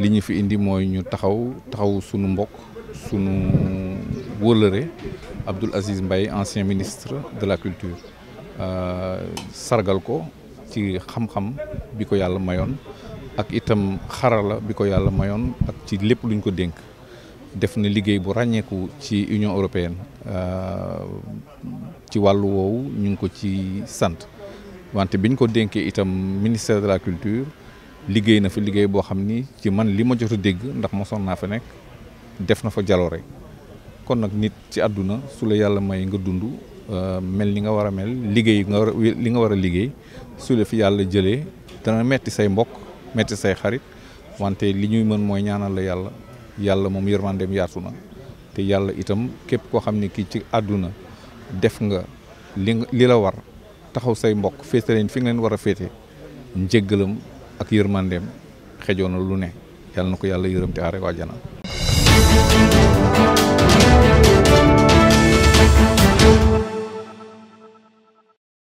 li ñu fi indi mooy ñu taxaw taxaw sunu mbokk sunu wóllëre Abdoul Aziz Mbaye ancien ministre de la culture euh, sargal ko ci xam-xam bi ko yàlla mayoon ak itam xarala bi ko yàlla mayoon ak ci lépp luñ ko dénk def na liggéey bu ràññeeku ci Union européenne euh, ci wàllu woowu ñu ngi ko ci sant wante biñ ko dénkee itam ministère de la culture liggéey na fa liggéey boo xam ni ci man li ma jot a dégg ndax mosoon naa fa nekk def na fa jaloo jaloore kon nag nit ci àdduna su la yàlla may nga dund euh, mel ni nga war a mel liggéey nga li nga war a liggéey su la fi yàlla jëlee dana metti say mbokk metti say xarit wante li ñuy mën mooy ñaanal la yàlla yàlla moom yërmandeem yaatu na te yàlla itam képp koo xam ne kii ci àdduna def nga li li la war taxaw say mbokk féete leen fi nga leen war a féete njëggalam ak yërmandeem xejoon na lu ne yàlla na ko yàlla yërëm te aare